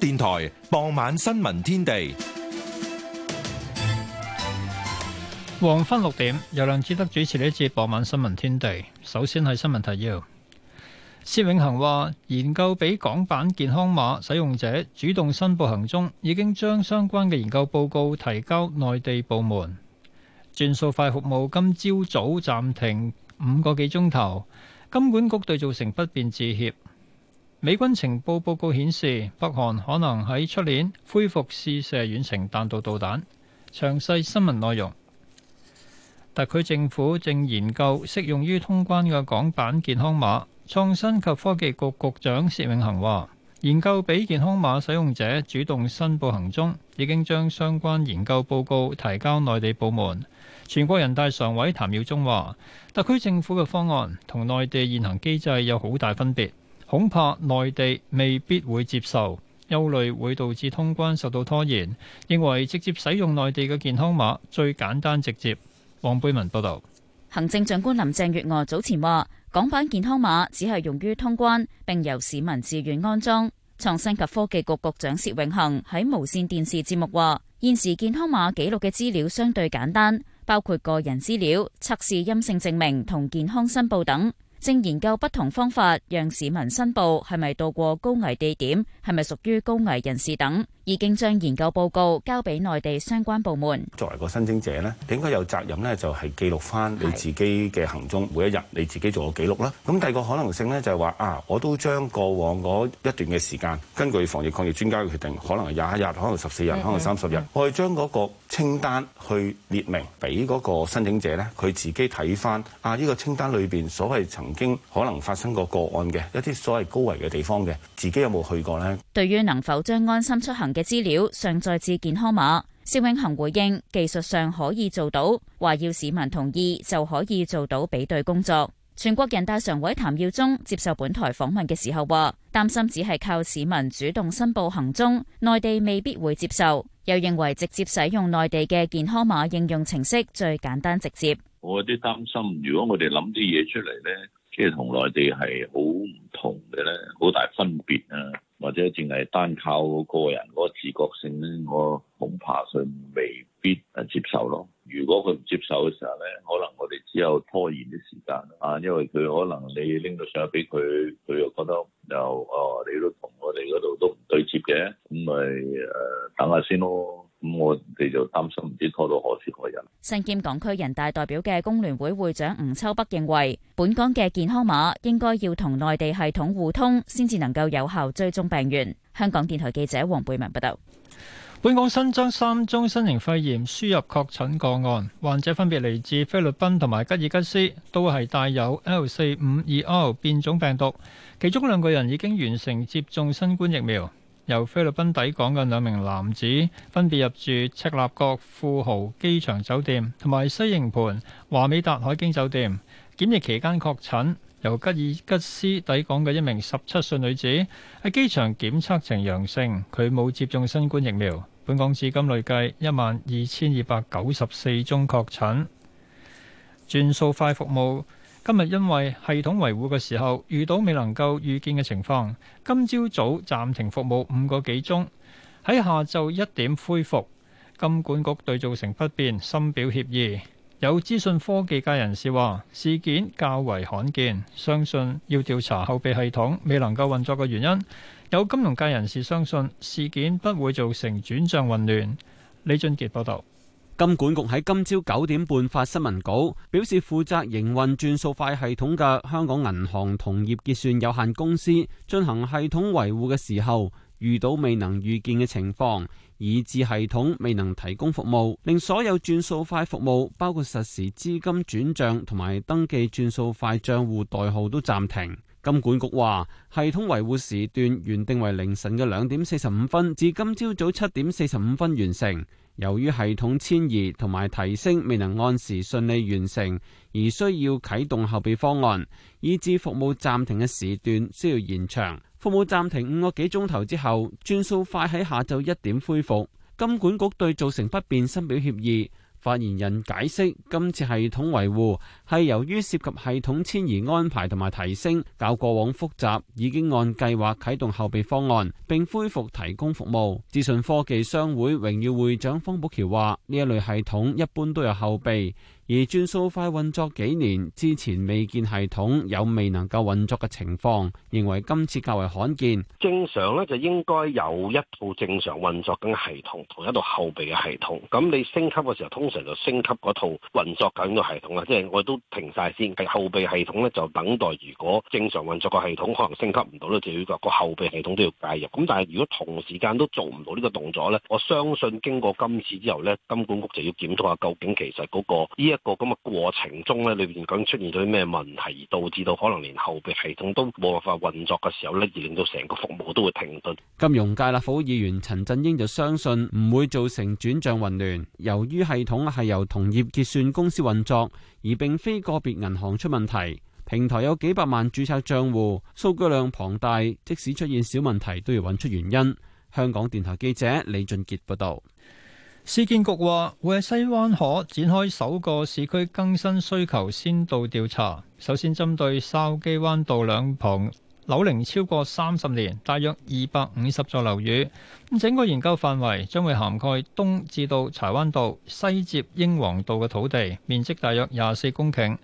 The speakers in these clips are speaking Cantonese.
電台傍晚新聞天地，黃昏六點由梁志德主持呢一節傍晚新聞天地。首先係新聞提要。薛永恒話，研究俾港版健康碼使用者主動申報行蹤，已經將相關嘅研究報告提交內地部門。轉數快服務今朝早暫停五個幾鐘頭，金管局對造成不便致歉。美軍情報報告顯示，北韓可能喺出年恢復試射遠程彈道導彈。詳細新聞內容，特區政府正研究適用於通關嘅港版健康碼。創新及科技局局長薛永恒話，研究俾健康碼使用者主動申報行蹤，已經將相關研究報告提交內地部門。全國人大常委譚耀宗話，特區政府嘅方案同內地現行機制有好大分別。恐怕內地未必會接受，憂慮會導致通關受到拖延。認為直接使用內地嘅健康碼最簡單直接。黃貝文報導。行政長官林鄭月娥早前話，港版健康碼只係用於通關，並由市民自願安裝。創新及科技局局長薛永恆喺無線電視節目話，現時健康碼記錄嘅資料相對簡單，包括個人資料、測試陰性證明同健康申報等。正研究不同方法，讓市民申報係咪到過高危地點，係咪屬於高危人士等。已經將研究報告交俾內地相關部門。作為個申請者呢，你應該有責任呢，就係記錄翻你自己嘅行蹤，是每一日你自己做個記錄啦。咁第二個可能性呢，就係話啊，我都將過往嗰一段嘅時間，根據防疫抗疫專家嘅決定，可能係廿一日，可能十四日，的可能三十日，的我係將嗰個清單去列明俾嗰個申請者呢，佢自己睇翻啊，呢個清單裏邊所謂曾經可能發生過個案嘅一啲所謂高危嘅地方嘅，自己有冇去過呢？對於能否將安心出行嘅嘅資料上載至健康碼，肖永恒回應，技術上可以做到，話要市民同意就可以做到比對工作。全國人大常委譚耀宗接受本台訪問嘅時候話，擔心只係靠市民主動申報行蹤，內地未必會接受，又認為直接使用內地嘅健康碼應用程式最簡單直接。我有啲擔心，如果我哋諗啲嘢出嚟咧，即係同內地係好唔同嘅咧，好大分別啊。或者淨係單靠個人嗰個自覺性呢？我。恐怕佢未必誒接受咯。如果佢唔接受嘅時候呢，可能我哋只有拖延啲時間啊，因為佢可能你拎到上嚟俾佢，佢又覺得有哦、啊，你都同我哋嗰度都唔對接嘅，咁咪誒等下先咯。咁、嗯、我哋就擔心唔知拖到何時何日。身兼港區人大代表嘅工聯會會長吳秋北認為本港嘅健康碼應該要同內地系統互通，先至能夠有效追蹤病源。香港電台記者黃貝文報道。本港新增三宗新型肺炎輸入確診個案，患者分別嚟自菲律賓同埋吉爾吉斯，都係帶有 L 四五二 R 變種病毒。其中兩個人已經完成接種新冠疫苗。由菲律賓抵港嘅兩名男子分別入住赤鱲角富豪機場酒店同埋西營盤華美達海景酒店，檢疫期間確診。由吉爾吉斯抵港嘅一名十七歲女子喺機場檢測呈陽性，佢冇接種新冠疫苗。本港至今累計一萬二千二百九十四宗確診。轉數快服務今日因為系統維護嘅時候遇到未能夠預見嘅情況，今朝早早暫停服務五個幾鐘，喺下晝一點恢復。金管局對造成不便深表歉意。有資訊科技界人士話：事件較為罕見，相信要調查後備系統未能夠運作嘅原因。有金融界人士相信事件不會造成轉賬混亂。李俊傑報道，金管局喺今朝九點半發新聞稿，表示負責營運轉數快系統嘅香港銀行同業結算有限公司進行系統維護嘅時候，遇到未能預見嘅情況。以致系統未能提供服務，令所有轉數快服務，包括實時資金轉賬同埋登記轉數快賬戶代號都暫停。金管局話，系統維護時段原定為凌晨嘅兩點四十五分，至今朝早七點四十五分完成。由於系統遷移同埋提升未能按時順利完成，而需要啟動後備方案，以致服務暫停嘅時段需要延長。服務暫停五個幾鐘頭之後，轉數快喺下晝一點恢復。金管局對造成不便深表歉意。發言人解釋，今次系統維護係由於涉及系統遷移安排同埋提升，較過往複雜，已經按計劃啟動後備方案，並恢復提供服務。資訊科技商會榮譽會長方寶橋話：呢一類系統一般都有後備。而轉數快運作幾年，之前未見系統有未能夠運作嘅情況，認為今次較為罕見。正常咧就應該有一套正常運作緊嘅系統，同一套後備嘅系統。咁你升級嘅時候，通常就升級嗰套運作緊嘅系統啦，即係我都停晒先。後備系統咧就等待，如果正常運作嘅系統可能升級唔到咧，就要個後備系統都要介入。咁但係如果同時間都做唔到呢個動作咧，我相信經過今次之後咧，金管局就要檢討下究竟其實嗰、嗰個呢一個咁嘅過程中呢，裏面咁出現咗啲咩問題，而導致到可能連後備系統都冇辦法運作嘅時候呢，而令到成個服務都會停頓。金融界立法會議員陳振英就相信唔會造成轉賬混亂，由於系統係由同業結算公司運作，而並非個別銀行出問題。平台有幾百萬註冊賬戶，數據量龐大，即使出現小問題都要揾出原因。香港電台記者李俊傑報道。市建局話會喺西灣河展開首個市區更新需求先導調查，首先針對筲箕灣道兩旁樓齡超過三十年，大約二百五十座樓宇。咁整個研究範圍將會涵蓋東至到柴灣道、西接英皇道嘅土地，面積大約廿四公頃。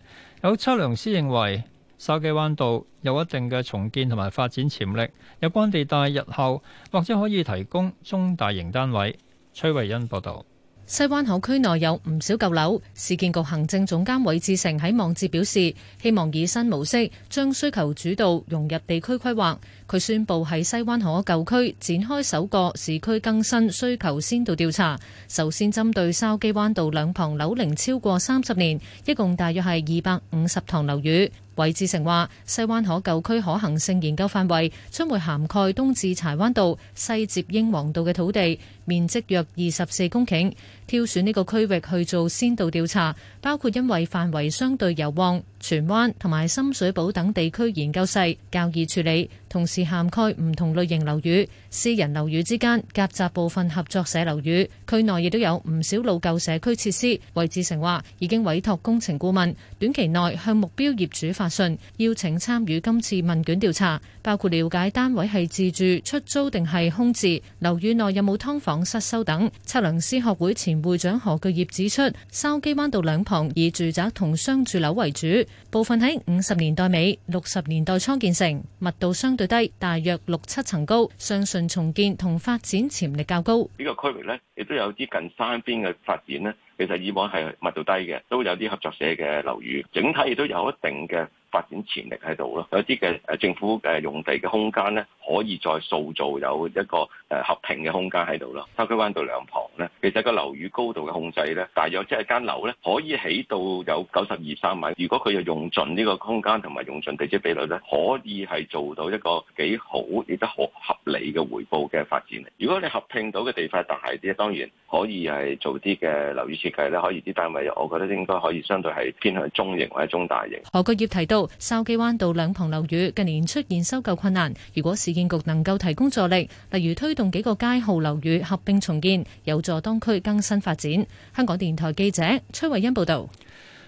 有測量師認為筲箕灣道有一定嘅重建同埋發展潛力，有關地帶日後或者可以提供中大型單位。崔慧欣報道，西灣口區內有唔少舊樓，市建局行政總監韋志成喺網誌表示，希望以新模式將需求主導融入地區規劃。佢宣布喺西灣河舊區展開首個市區更新需求先導調查，首先針對筲箕灣道兩旁樓齡超過三十年，一共大約係二百五十幢樓宇。韋志成話：西灣河舊區可行性研究範圍將會涵蓋東至柴灣道、西接英皇道嘅土地，面積約二十四公頃。挑選呢個區域去做先導調查，包括因為範圍相對油旺、荃灣同埋深水埗等地區研究細、較易處理，同時涵蓋唔同類型樓宇。私人樓宇之間夾雜部分合作社樓宇，區內亦都有唔少老舊社區設施。魏志成話：已經委託工程顧問，短期內向目標業主發信，邀請參與今次問卷調查，包括了解單位係自住出租定係空置，樓宇內有冇㓥房失修等。測量師學會前會長何巨業指出，筲箕灣道兩旁以住宅同商住樓為主，部分喺五十年代尾、六十年代初建成，密度相對低，大約六七層高，相信。重建同發展潛力較高，呢個區域咧亦都有啲近山邊嘅發展咧，其實以往係密度低嘅，都有啲合作社嘅樓宇，整體亦都有一定嘅。發展潛力喺度咯，有啲嘅誒政府嘅用地嘅空間咧，可以再塑造有一個誒合拼嘅空間喺度咯。沙區灣道兩旁咧，其實個樓宇高度嘅控制咧，大約即係間樓咧可以起到有九十二三米。如果佢又用盡呢個空間同埋用盡地積比率咧，可以係做到一個幾好亦都好合理嘅回報嘅發展。如果你合併到嘅地塊大啲，當然可以係做啲嘅樓宇設計咧，可以啲單位，我覺得應該可以相對係偏向中型或者中大型。何國業提到。筲箕灣道兩旁樓宇近年出現收購困難，如果市建局能夠提供助力，例如推動幾個街號樓宇合併重建，有助當區更新發展。香港電台記者崔慧欣報道。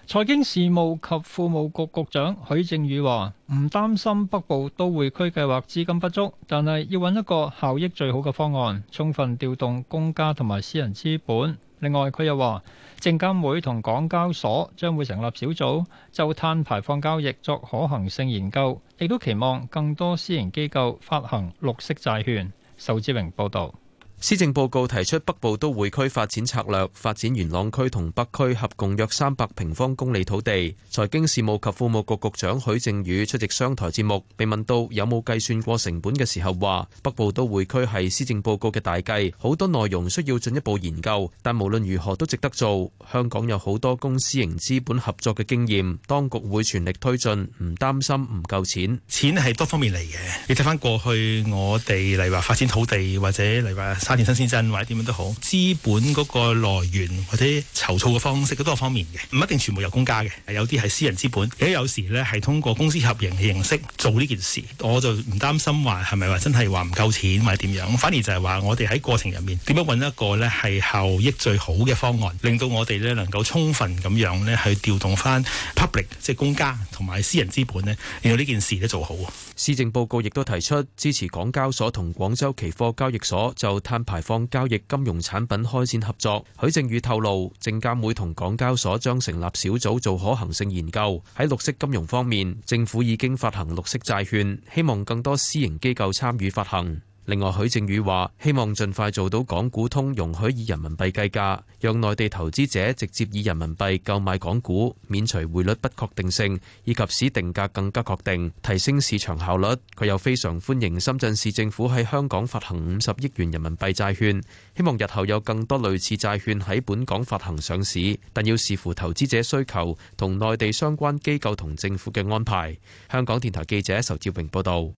財經事務及庫務局局，局長許正宇話：唔擔心北部都會區計劃資金不足，但係要揾一個效益最好嘅方案，充分調動公家同埋私人資本。另外，佢又話，證監會同港交所將會成立小組，就碳排放交易作可行性研究，亦都期望更多私營機構發行綠色債券。仇志榮報導。施政報告提出北部都會區發展策略，發展元朗區同北區合共約三百平方公里土地。財經事務及庫務局局長許正宇出席商台節目，被問到有冇計算過成本嘅時候，話北部都會區係施政報告嘅大計，好多內容需要進一步研究，但無論如何都值得做。香港有好多公私營資本合作嘅經驗，當局會全力推進，唔擔心唔夠錢。錢係多方面嚟嘅，你睇翻過去我哋嚟話發展土地或者嚟話，發啲新先汁，或者點樣都好，資本嗰個來源或者籌措嘅方式都多方面嘅，唔一定全部由公家嘅，有啲係私人資本。而有時呢係通過公司合營嘅形式做呢件事，我就唔擔心話係咪話真係話唔夠錢或者點樣，反而就係話我哋喺過程入面點樣揾一個呢係效益最好嘅方案，令到我哋呢能夠充分咁樣呢去調動翻 public 即係公家同埋私人資本呢，令到呢件事呢做好。施政報告亦都提出支持港交所同廣州期貨交易所就排放交易金融產品開展合作，許正宇透露，證監會同港交所將成立小組做可行性研究。喺綠色金融方面，政府已經發行綠色債券，希望更多私營機構參與發行。另外，許正宇話希望盡快做到港股通容許以人民幣計價，讓內地投資者直接以人民幣購買港股，免除匯率不確定性，以及使定價更加確定，提升市場效率。佢又非常歡迎深圳市政府喺香港發行五十億元人民幣債券，希望日後有更多類似債券喺本港發行上市，但要視乎投資者需求同內地相關機構同政府嘅安排。香港電台記者仇志榮報道。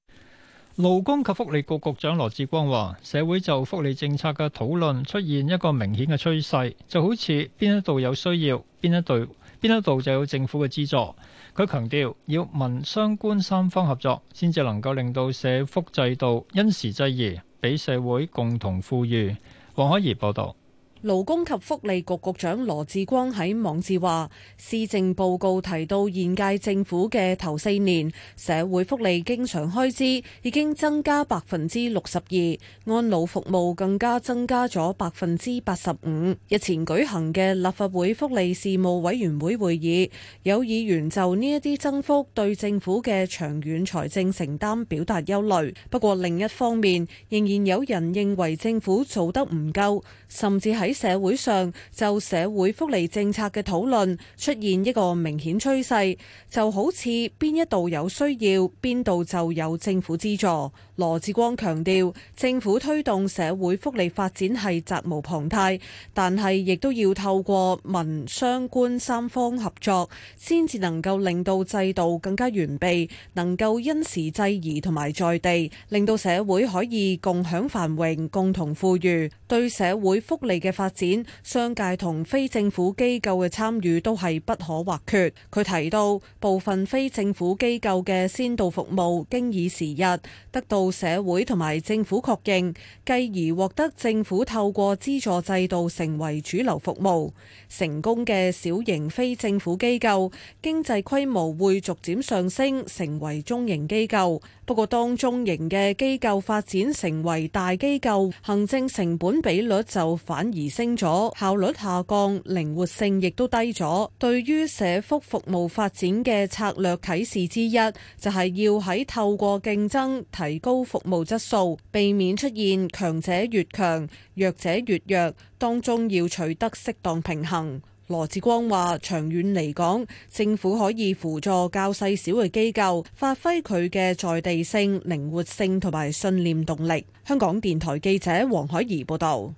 勞工及福利局局長羅志光話，社會就福利政策嘅討論出現一個明顯嘅趨勢，就好似邊一度有需要，邊一度邊一度就有政府嘅資助。佢強調要民、商、官三方合作，先至能夠令到社福制度因時制宜，俾社會共同富裕。黃海怡報道。勞工及福利局局長羅志光喺網誌話，施政報告提到現屆政府嘅頭四年社會福利經常開支已經增加百分之六十二，安老服務更加增加咗百分之八十五。日前舉行嘅立法會福利事務委員會會議，有議員就呢一啲增幅對政府嘅長遠財政承擔表達憂慮。不過另一方面，仍然有人認為政府做得唔夠，甚至喺喺社會上，就社會福利政策嘅討論出現一個明顯趨勢，就好似邊一度有需要，邊度就有政府資助。羅致光強調，政府推動社會福利發展係責無旁貸，但係亦都要透過民、商、官三方合作，先至能夠令到制度更加完備，能夠因時制宜同埋在地，令到社會可以共享繁榮，共同富裕。對社會福利嘅發展，商界同非政府機構嘅參與都係不可或缺。佢提到，部分非政府機構嘅先導服務經已時日，得到社會同埋政府確認，繼而獲得政府透過資助制度成為主流服務。成功嘅小型非政府機構經濟規模會逐漸上升，成為中型機構。不過，當中型嘅機構發展成為大機構，行政成本比率就反而升咗，效率下降，靈活性亦都低咗。對於社福服務發展嘅策略啟示之一，就係、是、要喺透過競爭提高服務質素，避免出現強者越強、弱者越弱當中，要取得適當平衡。羅志光話：長遠嚟講，政府可以輔助較細小嘅機構，發揮佢嘅在地性、靈活性同埋信念動力。香港電台記者黃海怡報道。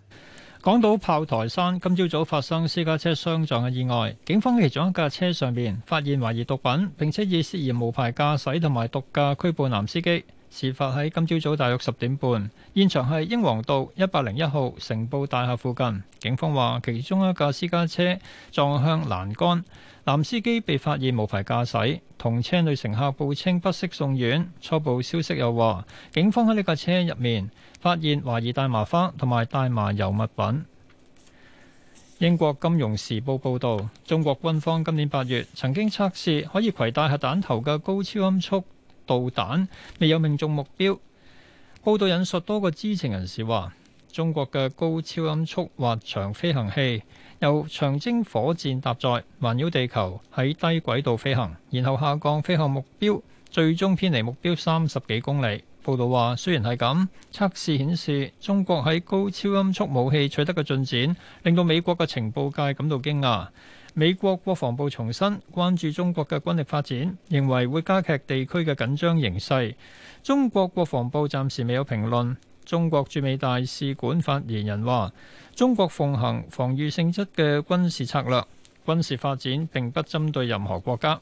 港島炮台山今朝早發生私家車相撞嘅意外，警方喺其中一架車上面發現懷疑毒品，並且以涉嫌無牌駕駛同埋毒駕拘捕男司機。事發喺今朝早，早，大約十點半，現場係英皇道一百零一號成報大廈附近。警方話，其中一架私家車撞向欄杆，男司機被發現無牌駕駛，同車內乘客報稱不適送院。初步消息又話，警方喺呢架車入面發現懷疑大麻花同埋大麻油物品。英國金融時報報導，中國軍方今年八月曾經測試可以攜帶核彈頭嘅高超音速。導彈未有命中目標。報道引述多個知情人士話：中國嘅高超音速滑翔飛行器由長征火箭搭載，環繞地球喺低軌道飛行，然後下降飛向目標，最終偏離目標三十幾公里。報道話：雖然係咁，測試顯示中國喺高超音速武器取得嘅進展，令到美國嘅情報界感到驚訝。美國國防部重申關注中國嘅軍力發展，認為會加劇地區嘅緊張形勢。中國國防部暫時未有評論。中國駐美大使館發言人話：中國奉行防禦性質嘅軍事策略，軍事發展並不針對任何國家。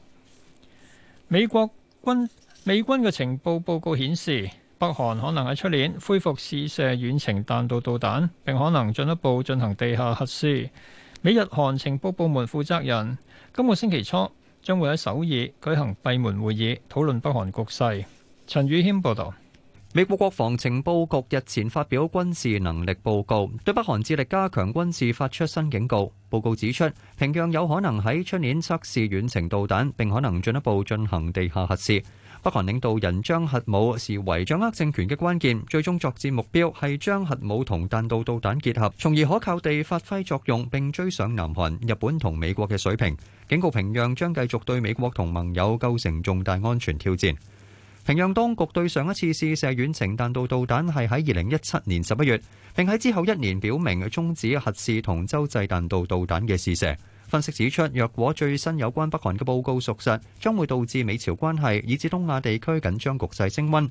美國軍美軍嘅情報報告顯示，北韓可能喺出年恢復試射遠程彈道導彈，並可能進一步進行地下核試。美日韓情報部門負責人今個星期初將會喺首爾舉行閉門會議，討論北韓局勢。陳宇軒報導。美國國防情報局日前發表軍事能力報告，對北韓致力加強軍事發出新警告。報告指出，平壤有可能喺出年測試遠程導彈，並可能進一步進行地下核試。北韓領導人將核武視為掌握政權嘅關鍵，最終作戰目標係將核武同彈道導彈結合，從而可靠地發揮作用並追上南韓、日本同美國嘅水平。警告平壤將繼續對美國同盟友構成重大安全挑戰。平壤當局對上一次試射遠程彈道導彈係喺2017年11月，並喺之後一年表明終止核試同洲際彈道導彈嘅試射。分析指出，若果最新有關北韓嘅報告屬實，將會導致美朝關係以至東亞地區緊張局勢升溫。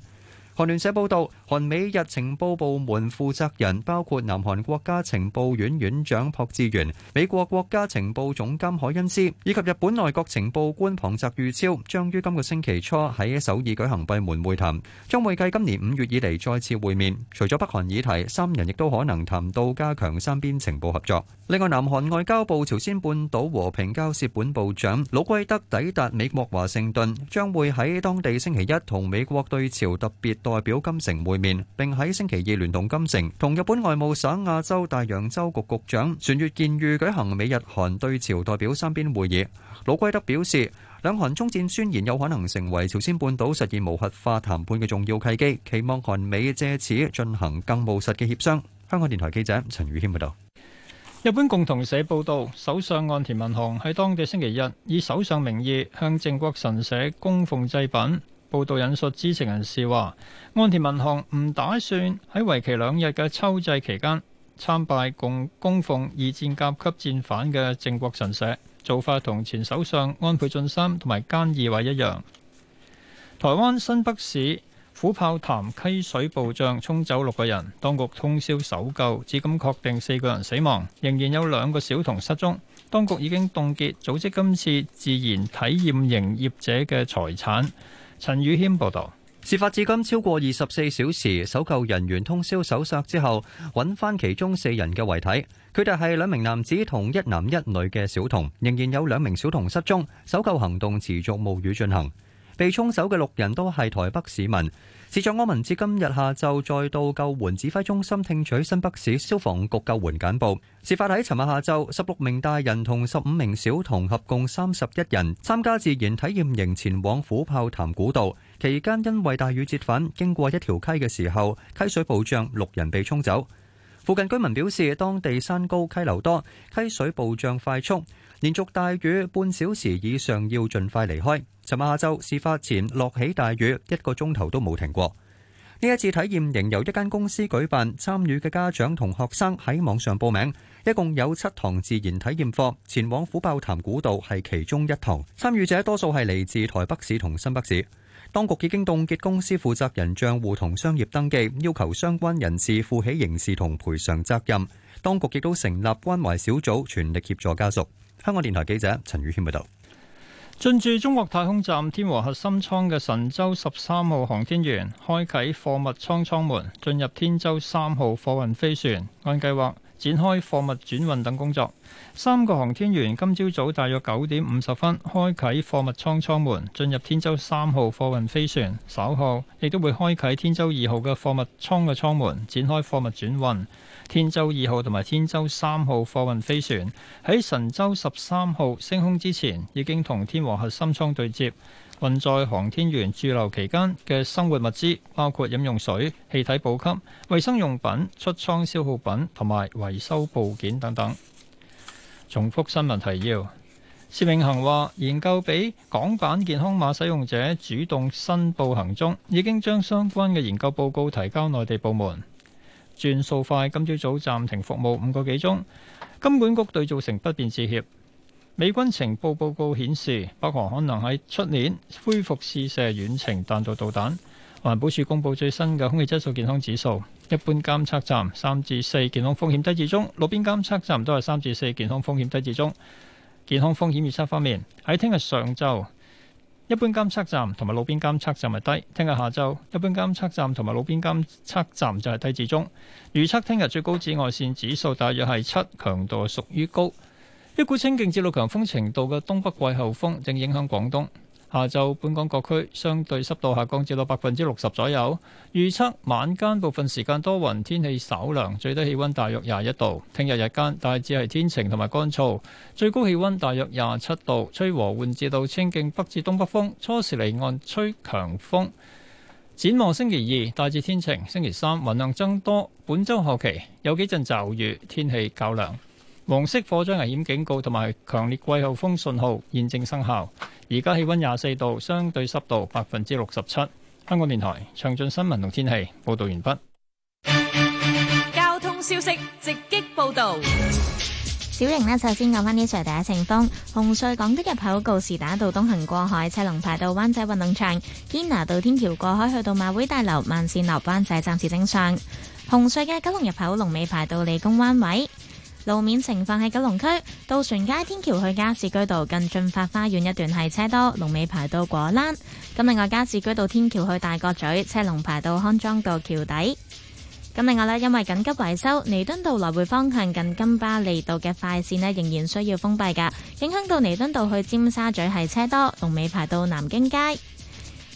韓聯社報道韓美日情報部門負責人包括南韓國家情報院院長朴智元美國國家情報總監海恩斯以及日本內閣情報官龐澤宇超將於今個星期初喺首爾舉行閉門會談將會繼今年5代表金城會面，並喺星期二聯動金城同日本外務省亞洲大洋洲局局長船越健裕舉行美日韓對朝代表三邊會議。魯圭德表示，兩韓終戰宣言有可能成為朝鮮半島實現無核化談判嘅重要契機，期望韓美藉此進行更務實嘅協商。香港電台記者陳宇軒報導。日本共同社報道，首相岸田文雄喺當地星期日以首相名義向靖國神社供奉祭品。報道引述知情人士話：岸田文雄唔打算喺為期兩日嘅秋祭期間參拜共供奉二戰甲級戰犯嘅靖國神社，做法同前首相安倍晉三同埋菅義偉一樣。台灣新北市虎豹潭溪水暴漲，沖走六個人，當局通宵搜救，至今確定四個人死亡，仍然有兩個小童失蹤。當局已經凍結組織今次自然體驗營業者嘅財產。陳宇謙報道，事發至今超過二十四小時，搜救人員通宵搜索之後，揾返其中四人嘅遺體，佢哋係兩名男子同一男一女嘅小童，仍然有兩名小童失蹤，搜救行動持續冒雨進行。被沖走嘅六人都係台北市民。市長柯文哲今日下晝再到救援指揮中心，聽取新北市消防局救援簡報。事發喺尋日下晝，十六名大人同十五名小童合共三十一人參加自然體驗營，前往虎豹潭古道。期間因為大雨折返，經過一條溪嘅時候，溪水暴漲，六人被沖走。附近居民表示，當地山高溪流多，溪水暴漲快速。連續大雨，半小時以上要盡快離開。尋日下晝事發前落起大雨，一個鐘頭都冇停過。呢一次體驗營由一間公司舉辦，參與嘅家長同學生喺網上報名，一共有七堂自然體驗課，前往虎豹潭古道係其中一堂。參與者多數係嚟自台北市同新北市。當局已經凍結公司負責人帳戶同商業登記，要求相關人士負起刑事同賠償責任。當局亦都成立關懷小組，全力協助家屬。香港電台記者陳宇謙報道，進駐中國太空站天和核心艙嘅神舟十三號航天員開啟貨物艙艙門，進入天舟三號貨運飛船，按計劃展開貨物轉運等工作。三個航天員今朝早，早大約九點五十分開啟貨物艙艙門，進入天舟三號貨運飛船。稍後亦都會開啟天舟二號嘅貨物艙嘅艙門，展開貨物轉運。天舟二號同埋天舟三號貨運飛船喺神舟十三號升空之前，已經同天和核心艙對接，運載航天員駐留期間嘅生活物資，包括飲用水、氣體補給、衛生用品、出艙消耗品同埋維修部件等等。重複新聞提要。薛永恒話：研究俾港版健康碼使用者主動申報行蹤，已經將相關嘅研究報告提交內地部門。轉數快，今朝早暫停服務五個幾鐘，金管局對造成不便致歉。美軍情報報告顯示，北韓可能喺出年恢復試射遠程彈道導彈。環保署公布最新嘅空氣質素健康指數，一般監測站三至四健康風險低至中，路邊監測站都係三至四健康風險低至中。健康風險預測方面，喺聽日上晝。一般監測站同埋路邊監測站係低，聽日下晝，一般監測站同埋路邊監測站就係低至中。預測聽日最高紫外線指數大約係七，強度屬於高。一股清勁至六強風程度嘅東北季候風正影響廣東。下晝本港各區相對濕度下降至到百分之六十左右。預測晚間部分時間多雲，天氣稍涼，最低氣溫大約廿一度。聽日日間大致係天晴同埋乾燥，最高氣溫大約廿七度，吹和緩至到清勁北至東北風。初時離岸吹強風。展望星期二大致天晴，星期三雲量增多。本周後期有幾陣驟雨，天氣較涼。黃色火災危險警告同埋強烈季候風信號現正生效。而家氣溫廿四度，相對濕度百分之六十七。香港電台詳盡新聞同天氣報道完畢。交通消息直擊報道。小玲呢，首先講返呢一仗第一程風，紅隧港島入口告士打道東行過海，車龍排到灣仔運動場；堅拿道天橋過海去到馬會大樓，慢線落灣仔，暫、就是、時正常。紅隧嘅九龍入口龍尾排到理工灣位。路面情況喺九龍區渡船街天橋去加士居道近駿發花園一段係車多，龍尾排到果欄。咁另外加士居道天橋去大角咀車龍排到康莊道橋底。咁另外咧，因為緊急維修，彌敦道來回方向近金巴利道嘅快線咧仍然需要封閉噶，影響到彌敦道去尖沙咀係車多，龍尾排到南京街。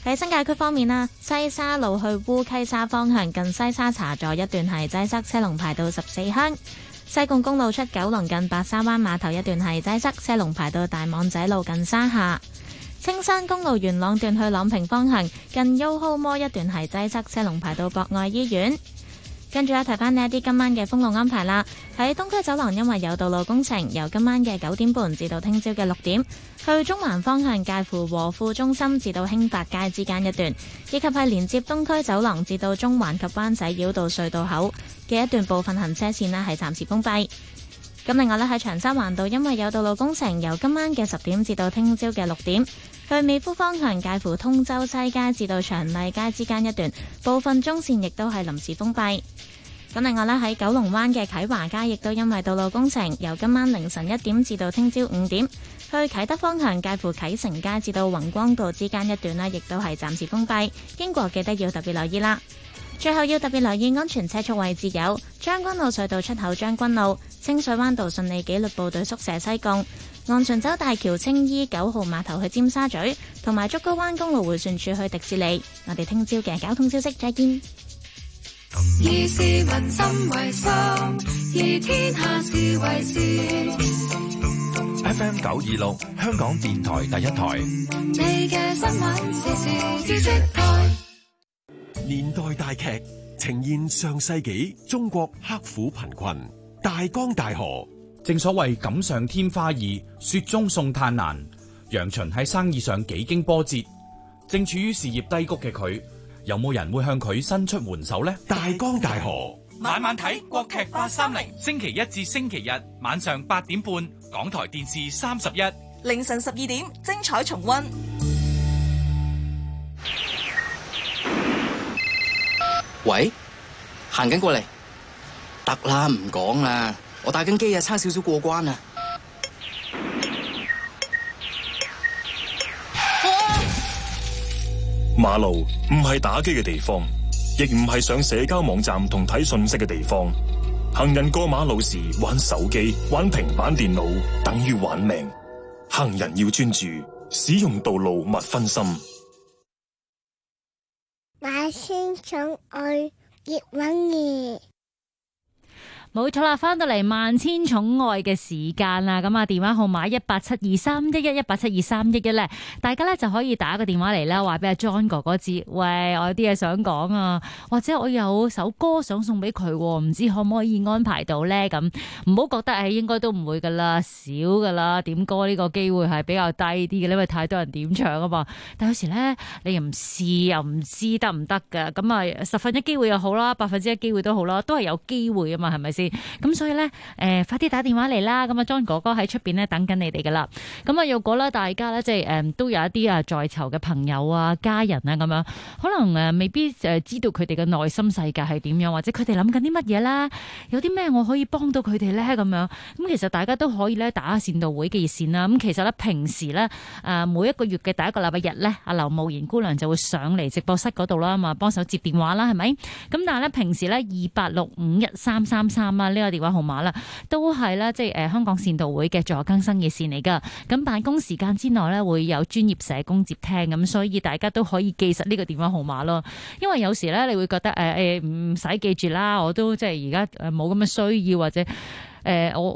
喺新界區方面啦，西沙路去烏溪沙方向近西沙茶座一段係擠塞，車龍排到十四鄉。西貢公路出九龍近白沙灣碼頭一段係擠塞，車龍排到大網仔路近山下。青山公路元朗段去朗屏方向近 YOHO Mall 一段係擠塞，車龍排到博愛醫院。跟住咧，睇翻呢一啲今晚嘅封路安排啦。喺東區走廊，因為有道路工程，由今晚嘅九點半至到聽朝嘅六點，去中環方向介乎和富中心至到興發街之間一段，以及係連接東區走廊至到中環及灣仔繞道隧道口嘅一段部分行車線咧，係暫時封閉。咁另外咧，喺長沙環道，因為有道路工程，由今晚嘅十點至到聽朝嘅六點。去美孚方向介乎通州西街至到祥麗街之間一段，部分中線亦都係臨時封閉。咁另外咧，喺九龍灣嘅啟華街亦都因為道路工程，由今晚凌晨一點至到聽朝五點，去啟德方向介乎啟成街至到宏光道之間一段咧，亦都係暫時封閉。經過記得要特別留意啦。最後要特別留意安全車速位置有將軍澳隧道出口將軍澳、清水灣道順利紀律部隊宿舍西貢。昂船洲大橋、青衣九號碼頭去尖沙咀，同埋竹篙灣公路回旋處去迪士尼。我哋聽朝嘅交通消息再見。以市民心為心，以天下事為先。F M 九二六，香港電台第一台。你嘅新聞時時出台。年代大劇呈現上世紀中國克服貧困、大江大河。正所謂錦上添花易，雪中送炭難。楊巡喺生意上幾經波折，正處於事業低谷嘅佢，有冇人會向佢伸出援手呢？大江大河，晚晚睇國劇八三零，星期一至星期日晚上八點半，港台電視三十一，凌晨十二點精彩重溫。喂，行緊過嚟，得啦，唔講啦。我打緊機啊，差少少過關啊！啊，馬路唔係打機嘅地方，亦唔係上社交網站同睇信息嘅地方。行人過馬路時玩手機、玩平板電腦，等於玩命。行人要專注，使用道路勿分心。馬先寵愛葉問二。冇錯啦，翻到嚟萬千寵愛嘅時間啦，咁啊電話號碼一八七二三一一一八七二三一一咧，大家咧就可以打個電話嚟啦，話俾阿 John 哥哥知，喂，我有啲嘢想講啊，或者我有首歌想送俾佢，啊，唔知可唔可以安排到咧？咁唔好覺得誒，應該都唔會噶啦，少噶啦，點歌呢個機會係比較低啲嘅，因為太多人點唱啊嘛。但有時咧，你又唔試又唔知得唔得嘅，咁啊十分一機會又好啦，百分之一機會都好啦，都係有機會啊嘛，係咪先？咁所以咧，誒，快啲打電話嚟啦！咁啊，張哥哥喺出邊咧等緊你哋噶啦。咁啊，若果啦，大家咧即係誒，都有一啲啊，在囚嘅朋友啊、家人啊咁樣，可能誒未必誒知道佢哋嘅內心世界係點樣，或者佢哋諗緊啲乜嘢啦，有啲咩我可以幫到佢哋咧咁樣。咁其實大家都可以咧打下善導會嘅熱線啦。咁其實咧平時咧，誒每一個月嘅第一個禮拜日咧，阿劉慕賢姑娘就會上嚟直播室嗰度啦，咁啊幫手接電話啦，係咪？咁但係咧平時咧二八六五一三三三。呢個電話號碼啦，都係啦，即係誒香港善導會嘅助更生熱線嚟噶。咁辦公時間之內咧會有專業社工接聽，咁所以大家都可以記實呢個電話號碼咯。因為有時咧，你會覺得誒誒唔使記住啦，我都即係而家誒冇咁嘅需要，或者誒、呃、我。